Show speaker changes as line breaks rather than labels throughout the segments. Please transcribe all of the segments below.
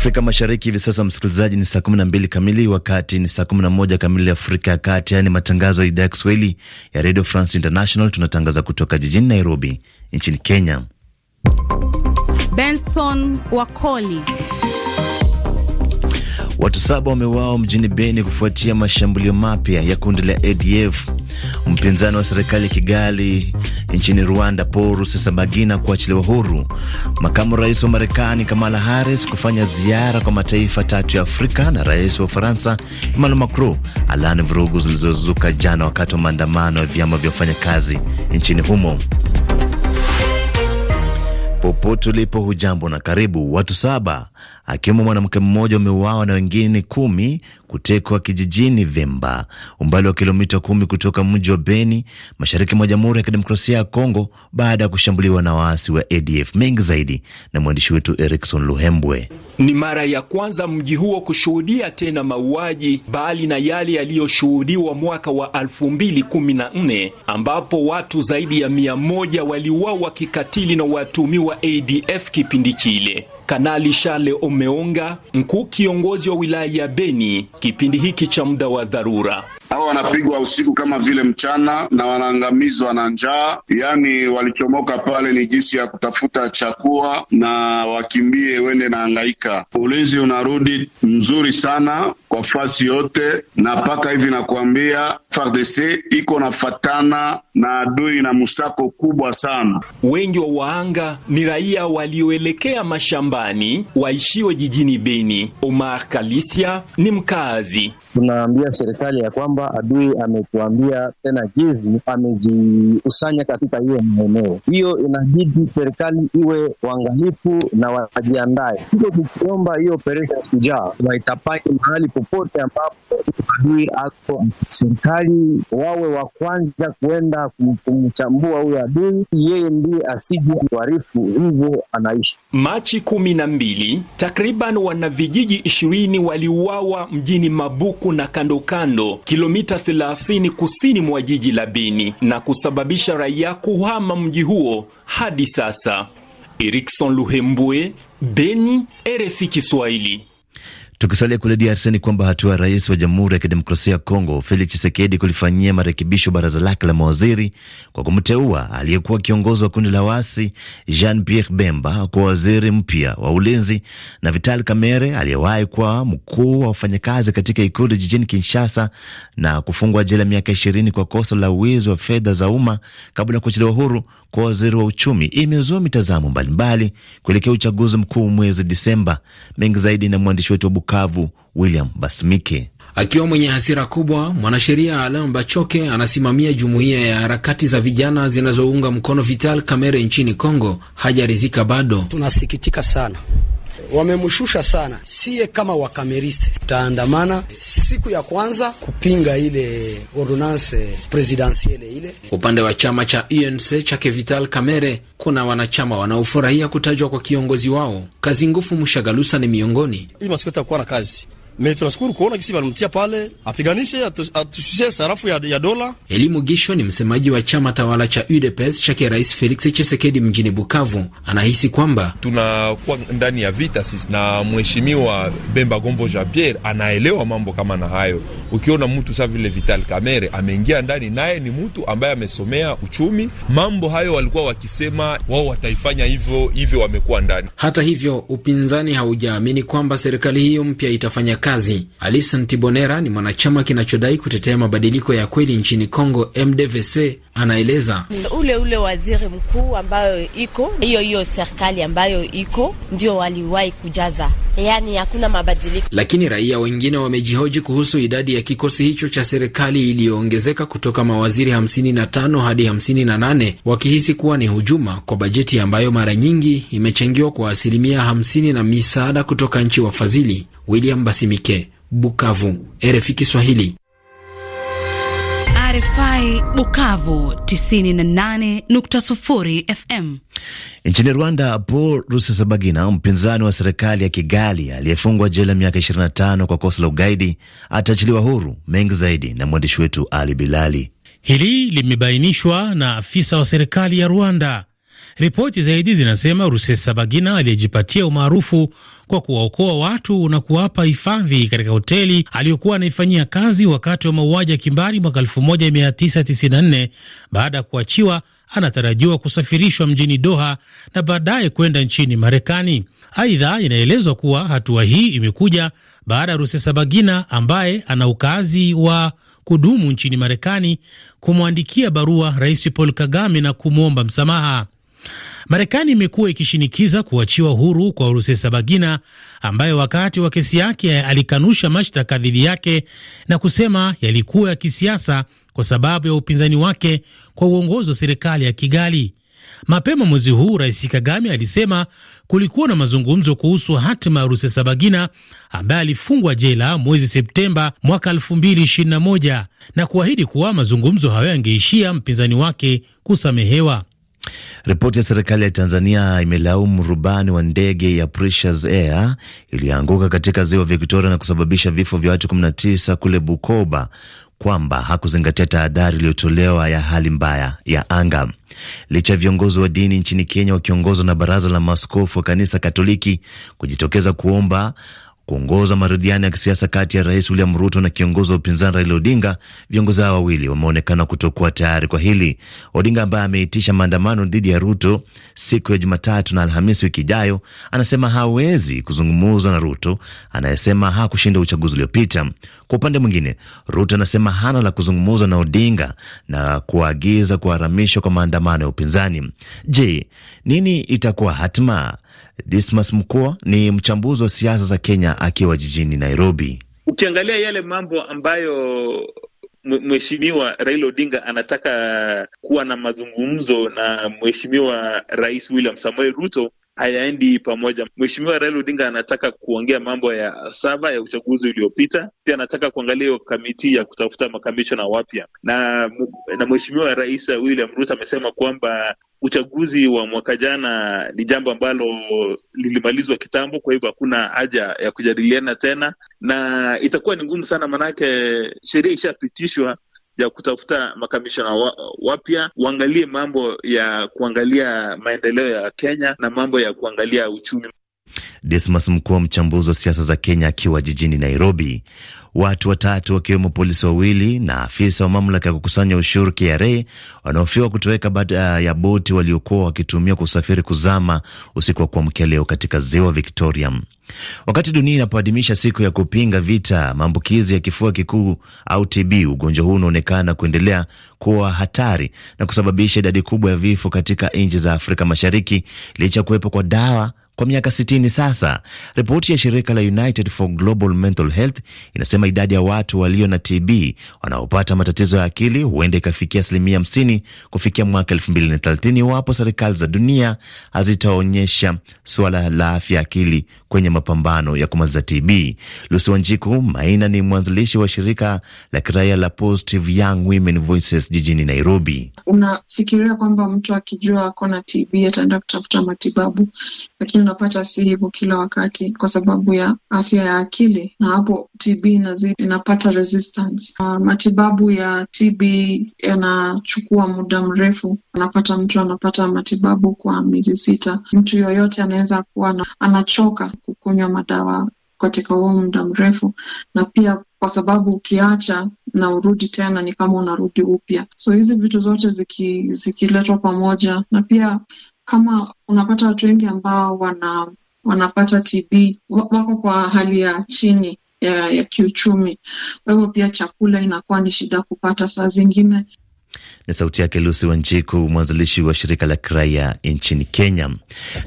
Afrika Mashariki hivi sasa, msikilizaji, ni saa 12 kamili, wakati ni saa 11 kamili Afrika ya Kati. Yaani matangazo ya idhaa ya Kiswahili ya Radio France International, tunatangaza kutoka jijini Nairobi nchini Kenya.
Benson Wakoli.
Watu saba wameuawa mjini Beni kufuatia mashambulio mapya ya kundi la ADF mpinzani wa serikali ya Kigali nchini Rwanda, Paul Rusesabagina kuachiliwa huru, makamu rais wa Marekani Kamala Harris kufanya ziara kwa mataifa tatu ya Afrika na rais wa Ufaransa Emmanuel Macron alaani vurugu zilizozuka jana wakati wa maandamano ya vyama vya wafanyakazi nchini humo. Popote ulipo, hujambo na karibu. Watu saba akiwemo mwanamke mmoja ameuawa na wengine kumi kutekwa kijijini Vemba, umbali wa kilomita kumi kutoka mji wa Beni, mashariki mwa Jamhuri ya Kidemokrasia ya Kongo, baada ya kushambuliwa na waasi wa ADF. Mengi zaidi na mwandishi wetu Erikson Luhembwe.
Ni mara ya kwanza mji huo kushuhudia tena mauaji bali na yale yaliyoshuhudiwa mwaka wa 2014 ambapo watu zaidi ya mia moja waliuawa kikatili na watumiwa ADF kipindi kile. Kanali Shale Omeonga, mkuu kiongozi wa wilaya ya Beni, kipindi hiki cha muda wa dharura hao wanapigwa usiku kama vile mchana na wanaangamizwa na njaa. Yaani walichomoka pale ni jinsi ya kutafuta chakua na wakimbie wende na angaika. Ulinzi unarudi mzuri sana kwa fasi yote, na mpaka hivi nakuambia FARDC iko nafatana na adui na musako kubwa sana. Wengi wa waanga ni raia walioelekea mashambani waishiwe jijini Beni. Omar Kalisia ni mkazi. Tunaambia serikali ya kwamba kwamba adui ametuambia tena jizi
amejikusanya katika hiyo maeneo
hiyo. Inabidi serikali iwe wangalifu na wajiandae, hivyo kukiomba hiyo operesheni Shujaa waitapanye mahali popote ambapo adui ako. Serikali wawe wa kwanza kuenda kumchambua huyo adui, yeye ndiye asije kuharifu hivyo anaishi. Machi kumi na mbili, takriban wanavijiji ishirini waliuawa mjini Mabuku na kandokando kando kilomita 30 kusini mwa jiji la Bini na kusababisha raia kuhama mji huo hadi sasa. Erikson Luhembwe, Beni, RFI Kiswahili.
Tukisalia kule DRC ni kwamba hatua ya rais wa Jamhuri ya Kidemokrasia ya Kongo Felix Tshisekedi kulifanyia marekebisho baraza lake la mawaziri kwa kumteua aliyekuwa kiongozi wa kundi la waasi Jean Pierre Bemba kwa waziri mpya wa ulinzi na Vital Kamerhe aliyewahi kuwa mkuu wa wafanyakazi katika ikulu jijini Kinshasa na kufungwa jela miaka ishirini kwa kosa la uwizi wa fedha za umma kabla ya kuachiliwa huru kwa waziri wa uchumi. Imezua mitazamo mbalimbali kuelekea uchaguzi mkuu mwezi Disemba. Mengi zaidi na mwandishi wetu Bukavu, William Basmike.
Akiwa mwenye hasira kubwa, mwanasheria Alain Bachoke anasimamia jumuiya ya harakati za vijana zinazounga mkono Vital Kamerhe nchini Congo, hajarizika bado. Tunasikitika sana wamemshusha sana. Sie kama wakameriste taandamana siku ya kwanza kupinga ile ordonance presidentielle ile. Upande wa chama cha UNC e cha kevital Kamere, kuna wanachama wanaofurahia kutajwa kwa kiongozi wao kazi ngufu Mshagalusa ni miongoni. Hii masiku itakuwa na kazi me tunashukuru kuona kisi walimtia pale apiganishe atushushe sarafu ya, ya dola. Elimu Gisho ni msemaji wa chama tawala cha UDPS chake Rais Felix Chisekedi mjini Bukavu, anahisi kwamba
tunakuwa ndani ya vita sisi, na mheshimiwa Bemba Gombo Jean Pierre anaelewa mambo kama na hayo. Ukiona mtu saa vile Vital Kamerhe ameingia ndani, naye ni mtu ambaye amesomea uchumi. Mambo hayo walikuwa wakisema wao wataifanya hivyo hivyo, wamekuwa ndani.
Hata hivyo, upinzani haujaamini kwamba serikali hiyo mpya itafanya kazi kazi. Alison Tibonera ni mwanachama kinachodai kutetea mabadiliko ya kweli nchini Kongo, MDVC, anaeleza
ule ule waziri mkuu ambayo iko hiyo hiyo serikali ambayo iko ndio waliwahi kujaza, yaani hakuna mabadiliko.
Lakini raia wengine wamejihoji kuhusu idadi ya kikosi hicho cha serikali iliyoongezeka kutoka mawaziri 55 hadi 58 wakihisi kuwa ni hujuma kwa bajeti ambayo mara nyingi imechangiwa kwa asilimia 50 na misaada kutoka nchi wafadhili. William Basimike, Bukavu, RFI Kiswahili.
RFI Bukavu 98.0 FM.
Nchini Rwanda, Paul Rusesabagina, mpinzani wa serikali ya Kigali aliyefungwa jela miaka 25 kwa kosa la ugaidi, ataachiliwa huru. Mengi zaidi na mwandishi wetu Ali Bilali. Hili
limebainishwa na afisa wa serikali ya Rwanda. Ripoti zaidi zinasema Rusesabagina aliyejipatia umaarufu kwa kuwaokoa watu na kuwapa hifadhi katika hoteli aliyokuwa anaifanyia kazi wakati wa mauaji ya kimbari mwaka 1994 baada ya kuachiwa anatarajiwa kusafirishwa mjini Doha na baadaye kwenda nchini Marekani. Aidha, inaelezwa kuwa hatua hii imekuja baada ya Rusesabagina ambaye ana ukaazi wa kudumu nchini Marekani kumwandikia barua Rais Paul Kagame na kumwomba msamaha. Marekani imekuwa ikishinikiza kuachiwa huru kwa Rusesabagina ambaye wakati wa kesi yake alikanusha mashtaka dhidi yake na kusema yalikuwa ya kisiasa kwa sababu ya upinzani wake kwa uongozi wa serikali ya Kigali. Mapema mwezi huu Rais Kagame alisema kulikuwa na mazungumzo kuhusu hatima ya Rusesabagina ambaye alifungwa jela mwezi Septemba mwaka 2021 na kuahidi kuwa mazungumzo hayo yangeishia mpinzani wake kusamehewa.
Ripoti ya serikali ya Tanzania imelaumu rubani wa ndege ya Precious Air iliyoanguka katika ziwa Victoria na kusababisha vifo vya watu 19 kule Bukoba kwamba hakuzingatia tahadhari iliyotolewa ya hali mbaya ya anga. Licha ya viongozi wa dini nchini Kenya wakiongozwa na baraza la maaskofu wa kanisa Katoliki kujitokeza kuomba kuongoza maridhiano ya kisiasa kati ya Rais William Ruto na kiongozi wa upinzani Raila Odinga, viongozi hao wawili wameonekana kutokuwa tayari kwa hili. Odinga ambaye ameitisha maandamano dhidi ya Ruto siku ya Jumatatu na Alhamisi wiki ijayo, anasema hawezi kuzungumza na Ruto anayesema hakushinda uchaguzi uliopita. Kwa upande mwingine, Ruto anasema hana la kuzungumza na Odinga na kuagiza kuharamishwa kwa maandamano ya upinzani. Je, nini itakuwa hatima Dismas Mkoa ni mchambuzi wa siasa za Kenya akiwa jijini Nairobi.
Ukiangalia yale mambo ambayo mheshimiwa Raila Odinga anataka kuwa na mazungumzo na mheshimiwa Rais William Samoei Ruto, hayaendi pamoja. Mheshimiwa Raila Odinga anataka kuongea mambo ya saba ya uchaguzi uliopita, pia anataka kuangalia hiyo kamiti ya kutafuta makamishona wapya, na na Mheshimiwa Rais William Ruto amesema kwamba uchaguzi wa mwaka jana ni jambo ambalo lilimalizwa kitambo, kwa hivyo hakuna haja ya kujadiliana tena, na itakuwa ni ngumu sana, maanake sheria ishapitishwa ya kutafuta makamishona wa, wapya waangalie mambo ya kuangalia maendeleo ya Kenya na mambo ya kuangalia uchumi.
Desmas wa mchambuzi wa siasa za Kenya, akiwa jijini Nairobi. Watu watatu wakiwemo polisi wawili na afisa wa mamlaka ya kukusanya ushuru KRA wanaofiwa kutoweka baada ya boti waliokuwa wakitumia kwa usafiri kuzama usiku wa kuamkia leo katika ziwa Victoria. Wakati dunia inapoadhimisha siku ya kupinga vita maambukizi ya kifua kikuu au TB, ugonjwa huu unaonekana kuendelea kuwa hatari na kusababisha idadi kubwa ya vifo katika nchi za Afrika Mashariki licha ya kuwepo kwa dawa kwa miaka 60 sasa. Ripoti ya shirika la United for Global Mental Health inasema idadi ya watu walio na TB wanaopata matatizo ya akili huenda ikafikia asilimia 50 kufikia mwaka 2030 iwapo serikali za dunia hazitaonyesha suala la afya akili kwenye mapambano ya kumaliza TB. Lusi Wanjiku Maina ni mwanzilishi wa shirika la kiraia la Positive Young Women Voices jijini Nairobi.
Unafikiria kwamba mtu akijua ako na TB ataenda kutafuta matibabu, lakini unapata si hivyo kila wakati kwa sababu ya afya ya akili, na hapo TB inazidi inapata resistance. Uh, matibabu ya TB yanachukua muda mrefu, anapata mtu anapata matibabu kwa miezi sita. Mtu yoyote anaweza kuwa na, anachoka kukunywa madawa katika huo muda mrefu, na pia kwa sababu ukiacha na urudi tena ni kama unarudi upya. So hizi vitu zote zikiletwa ziki pamoja, na pia kama unapata watu wengi ambao wana wanapata TB wako kwa hali ya chini ya, ya kiuchumi. Kwa hivyo pia chakula inakuwa ni shida kupata saa zingine.
Ni sauti yake Lucy Wanjiku, mwanzilishi wa shirika la kiraia nchini Kenya.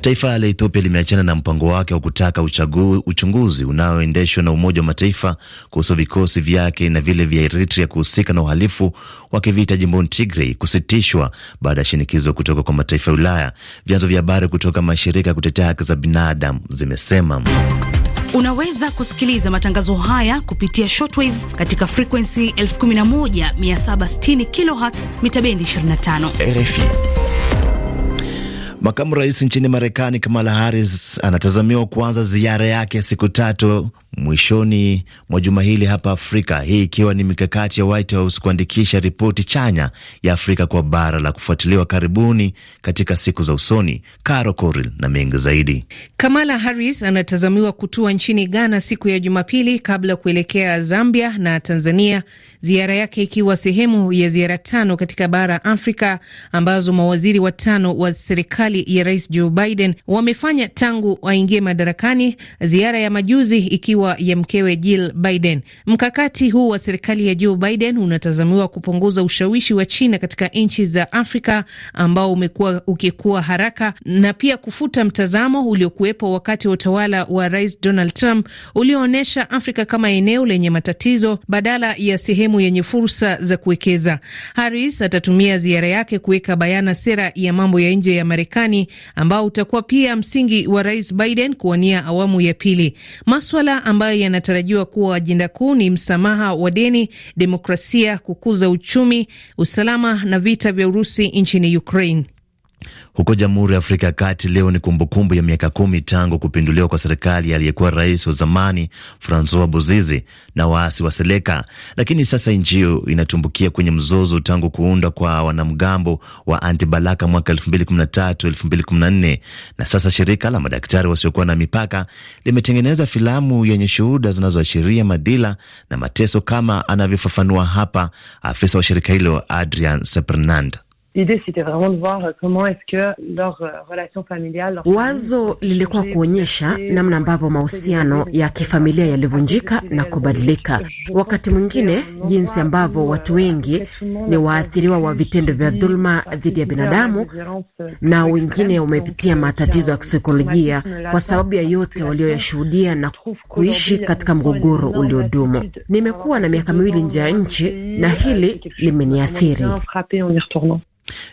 Taifa la Ethiopia limeachana na mpango wake wa kutaka uchagu, uchunguzi unaoendeshwa na Umoja wa Mataifa kuhusu vikosi vyake na vile vya Eritrea kuhusika na uhalifu wa kivita jimboni Tigray kusitishwa baada ya shinikizo kutoka kwa mataifa ya Ulaya. Vyanzo vya habari kutoka mashirika ya kutetea haki za binadamu zimesema
Unaweza kusikiliza matangazo haya kupitia shortwave katika frequency 11760 kHz mita bendi 25
RFI. Makamu rais nchini Marekani Kamala Harris anatazamiwa kuanza ziara yake ya siku tatu mwishoni mwa juma hili hapa Afrika, hii ikiwa ni mikakati ya White House kuandikisha ripoti chanya ya Afrika kwa bara la kufuatiliwa karibuni katika siku za usoni. Caro Coril na mengi zaidi.
Kamala Harris anatazamiwa kutua nchini Ghana siku ya Jumapili kabla ya kuelekea Zambia na Tanzania, ziara yake ikiwa sehemu ya ziara tano katika bara Afrika ambazo mawaziri watano wa serikali ya Rais Joe Biden wamefanya tangu aingie madarakani, ziara ya majuzi ikiwa hatua ya mkewe Jill Biden. Mkakati huu wa serikali ya Joe Biden unatazamiwa kupunguza ushawishi wa China katika nchi za Afrika ambao umekuwa ukikua haraka na pia kufuta mtazamo uliokuwepo wakati wa utawala wa Rais Donald Trump ulioonyesha Afrika kama eneo lenye matatizo badala ya sehemu yenye fursa za kuwekeza. Harris atatumia ziara yake kuweka bayana sera ya mambo ya nje ya Marekani ambao utakuwa pia msingi wa Rais Biden kuwania awamu ya pili. Maswala ambayo yanatarajiwa kuwa ajenda kuu ni msamaha wa deni, demokrasia, kukuza uchumi, usalama na vita vya Urusi nchini Ukraine.
Huko Jamhuri ya Afrika ya Kati leo ni kumbukumbu ya miaka kumi tangu kupinduliwa kwa serikali aliyekuwa rais wa zamani Francois Bozize na waasi wa Seleka, lakini sasa nchi hiyo inatumbukia kwenye mzozo tangu kuundwa kwa wanamgambo wa Antibalaka mwaka 2013 2014. Na sasa shirika la madaktari wasiokuwa na mipaka limetengeneza filamu yenye shuhuda zinazoashiria madhila na mateso, kama anavyofafanua hapa afisa wa shirika hilo Adrian Sepernand.
L'idée c'était vraiment de voir euh, comment est-ce que leur euh, relation familiale leur wazo lilikuwa kuonyesha namna
ambavyo mahusiano ya kifamilia yalivunjika na kubadilika, wakati mwingine jinsi ambavyo euh, watu wengi ni waathiriwa wa vitendo vya dhuluma dhidi ya binadamu, na wengine wamepitia matatizo ya kisaikolojia kwa sababu ya yote walioyashuhudia na kuishi katika mgogoro uliodumu. Nimekuwa na miaka miwili nje ya nchi na hili limeniathiri.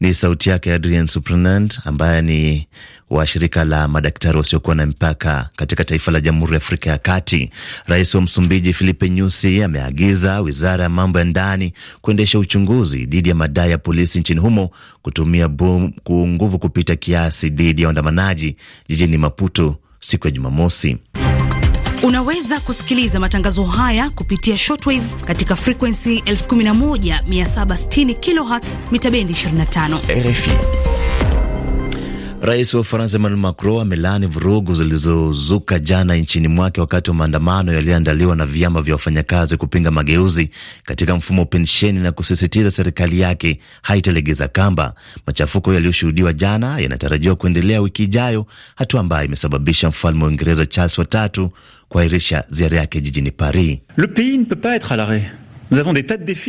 Ni sauti yake Adrian Suprenant ambaye ni wa shirika la madaktari wasiokuwa na mipaka katika taifa la Jamhuri ya Afrika ya Kati. Rais wa Msumbiji Filipe Nyusi ameagiza wizara ya mambo ya ndani kuendesha uchunguzi dhidi ya madai ya polisi nchini humo kutumia nguvu kupita kiasi dhidi ya waandamanaji jijini Maputo siku ya Jumamosi.
Unaweza kusikiliza matangazo haya kupitia shortwave katika frequency 11760 kHz mitabendi 25
RFI. Rais wa Ufaransa Emmanuel Macron amelaani vurugu zilizozuka jana nchini mwake wakati wa maandamano yaliyoandaliwa na vyama vya wafanyakazi kupinga mageuzi katika mfumo wa pensheni na kusisitiza serikali yake haitalegeza kamba. Machafuko yaliyoshuhudiwa jana yanatarajiwa kuendelea wiki ijayo, hatua ambayo imesababisha mfalme wa Uingereza Charles watatu kuahirisha ziara yake jijini Paris. Le pays ne peut pas etre a l'arret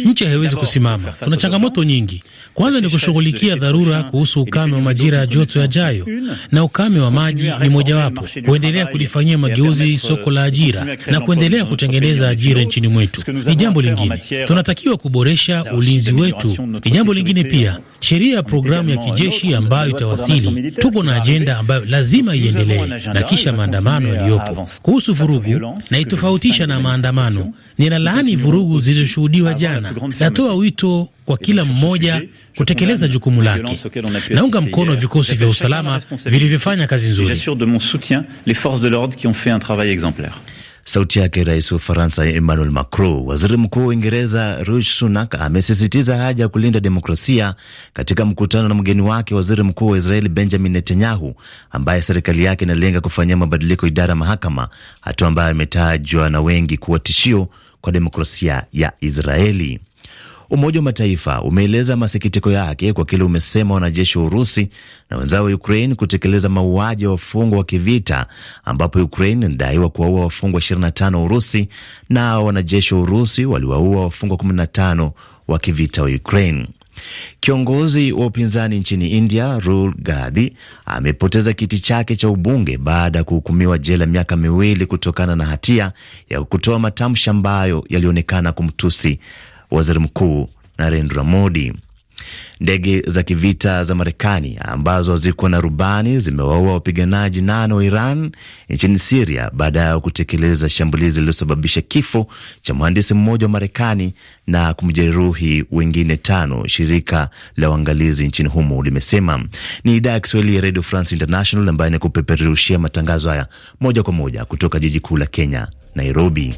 Nchi haiwezi kusimama, tuna changamoto nyingi. Kwanza ni kushughulikia dharura kuhusu ukame wa majira ya joto yajayo, na ukame wa maji ni mojawapo, kuendelea kulifanyia mageuzi soko la ajira na kuendelea kutengeneza ajira nchini mwetu ni jambo lingine. Tunatakiwa kuboresha ulinzi wetu, ni jambo lingine pia. Sheria ya programu ya kijeshi ambayo itawasili, tuko na ajenda ambayo lazima iendelee, na kisha maandamano yaliyopo kuhusu vurugu, naitofautisha na maandamano. Ninalaani vurugu zilizo kushuhudiwa jana, natoa wito kwa kila mmoja kutekeleza jukumu lake. Naunga mkono vikosi vya usalama
vilivyofanya kazi nzuri. Sauti yake Rais wa Ufaransa Emmanuel Macron. Waziri Mkuu wa Uingereza Rishi Sunak amesisitiza haja ya kulinda demokrasia katika mkutano na mgeni wake waziri mkuu wa Israeli Benjamin Netanyahu, ambaye serikali yake inalenga kufanyia mabadiliko idara ya mahakama, hatua ambayo imetajwa na wengi kuwa tishio kwa demokrasia ya Israeli. Umoja wa Mataifa umeeleza masikitiko yake kwa kile umesema wanajeshi wa Urusi na wenzao wa Ukraine kutekeleza mauaji ya wafungwa wa kivita, ambapo Ukraine inadaiwa kuwaua wafungwa 25 wa Urusi nao wanajeshi wa Urusi waliwaua wafungwa 15 wa kivita wa Ukraine. Kiongozi wa upinzani nchini India rul Gadhi, amepoteza kiti chake cha ubunge baada ya kuhukumiwa jela miaka miwili kutokana na hatia ya kutoa matamshi ambayo yalionekana kumtusi waziri mkuu Narendra Modi. Ndege za kivita za Marekani ambazo hazikuwa na rubani zimewaua wapiganaji nane wa Iran nchini Siria baada ya kutekeleza shambulizi lililosababisha kifo cha mhandisi mmoja wa Marekani na kumjeruhi wengine tano, shirika la uangalizi nchini humo limesema. Ni idhaa ya Kiswahili ya Radio France International ambayo inakupeperushia matangazo haya moja kwa moja kutoka jiji kuu la Kenya, Nairobi.